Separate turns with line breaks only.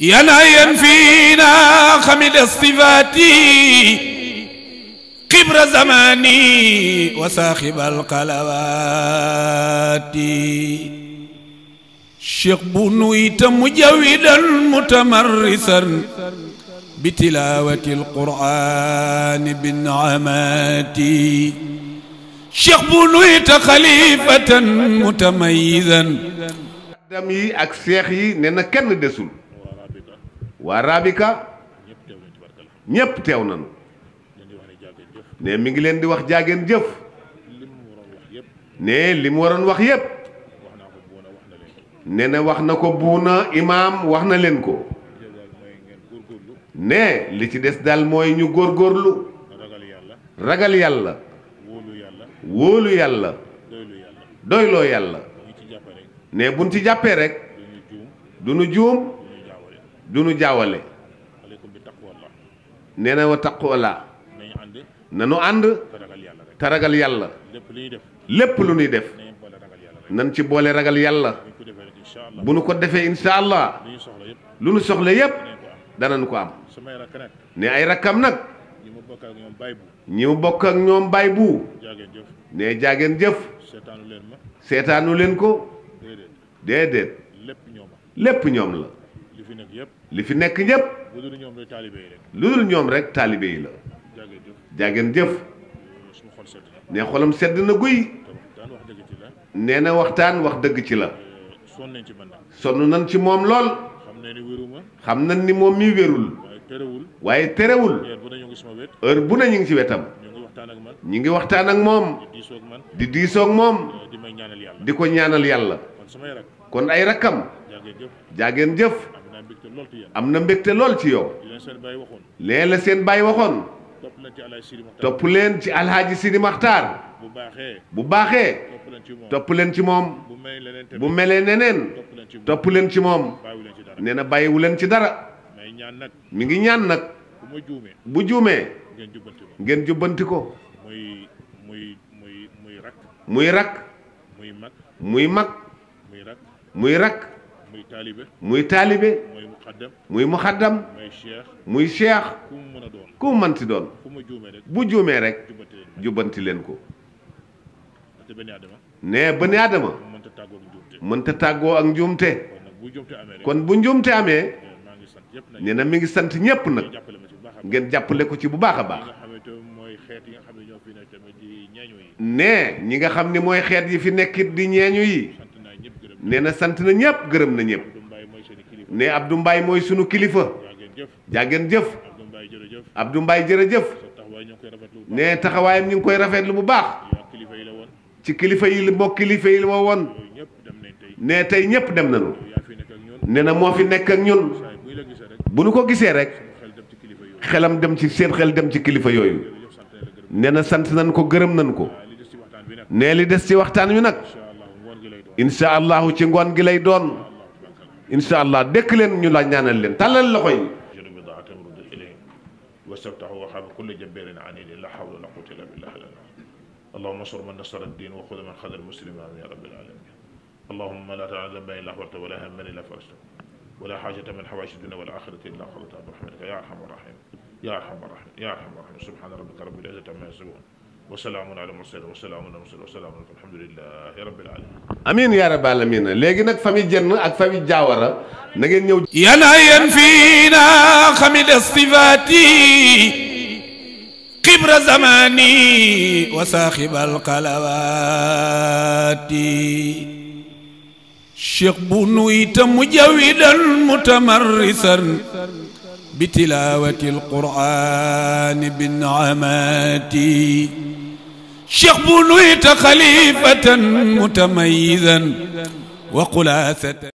يا ناين فينا خمل الصفات قبر زماني وساخب القلوات شيخ بنويت مجودا متمرسا بتلاوة القرآن بالنعمات شيخ بنويت خليفة متميزا دمي أك شيخي نينا كن دسول waa Rabika ñépp teew nañu ne mi ngi leen di wax jàggeen jëf ne li mu waroon wax yépp ne na wax na ko buuna imaam wax na leen ko ne li ci des daal mooy ñu góor góorgóorlu ragal yàlla wóolu yàlla doyloo yàlla ne buñ ci jàppee rek du nu juum duñu jawale, neena wa taqwala nanu ànd te ragal yàlla lépp lu def nan ci boole ragal yalla
buñu ko defé inshallah allah lu nu soxla yépp
danañ ko am ne ay rakam nak ñi bokk ak ñom bu ne jagen jëf setanu len ko déedéet lepp ñom la fi nekk yëpp. li fi nekk ñëpp.
lu dul ñoom rek taalibe yi rek.
lu dul ñoom rek taalibe yi la. jaageen jëf. ne xolam sedd na guy. nee na waxtaan wax dëgg ci la. Eh,
sonn nañ ci man
sonn nañ ci moom lool.
xam na ni wéruma.
xam na ni moom mi wérul.
waaye terewul.
waaye terewul. heure bu ne ñu ngi ci wetam. ñu ngi waxtaan ak moom. di diisoo ak moom. Eh, di ko ñaanal yàlla. kon ay rakkam. jaageen jëf.
am na mbégte lool ci yow
leen la seen bàyyi waxoon topp leen ci alxaaji Sidi Maxtaar bu baaxee topp leen ci moom bu melee neneen topp leen ci moom nee na bàyyiwu leen ci dara mi ngi ñaan nag bu juumee ngeen jubbanti ko muy rakk muy mag muy rakk muy rakk
muy taalibe muy taalibe muy muxaddam
muy muxaddam muy cheikh
ku mu mën doon ku mu mën si bu
juumee rek jubbanti leen ko ne bani aadama mënta tàggoo ak njuumte
kon bu njuumte amee
nee na mi ngi sant ñëpp nag ngeen jàppale ko ci bu baax a baax ne ñi nga xam ne mooy xeet yi fi nekk di ñeeñu yi nee na sant na ñëpp gërëm na ñëpp ne Abdou Mbaye mooy sunu kilifa jàggeen jëf Abdou Mbaye jërëjëf ne taxawaayam ñu koy koy lu bu baax ci kilifa yi li moo kilifa yi ma woon ne tey ñëpp dem nañu ne na moo fi nekk ak ñun bu nu ko gisee rek xelam dem ci seen xel dem ci kilifa yooyu nee na sant nañ ko gërëm nañ ko ne li des ci waxtaan wi nag. incha allahu ci ngoon gi lay doon incha allah dëkk leen ñu la ñaanal leen tàllal loxo yi
واستفتحوا وحاب كل جبير عنيد لا حول ولا قوه الا بالله اللهم انصر من نصر الدين وخذ من خذ المسلمين يا رب العالمين اللهم لا تعذب الا غفرته ولا هما الا فرجت ولا حاجة من حوائج الدنيا والآخرة إلا قضيتها برحمتك يا أرحم الراحمين يا أرحم الراحمين يا أرحم الراحمين سبحان ربك رب العزة عما يصفون وسلام على المرسلين وسلام على المرسلين وسلام على الحمد لله رب العالمين
امين يا رب العالمين لغي نك فامي جن اك فامي جاورا نغي نيو يانا ينفينا خميد الصفاتي كبر زماني وساخب القلوات شيخ بنويت مجاودا متمرسا بتلاوه القران بالنعمات شيخ بنيت خليفة متميزا وقلاثة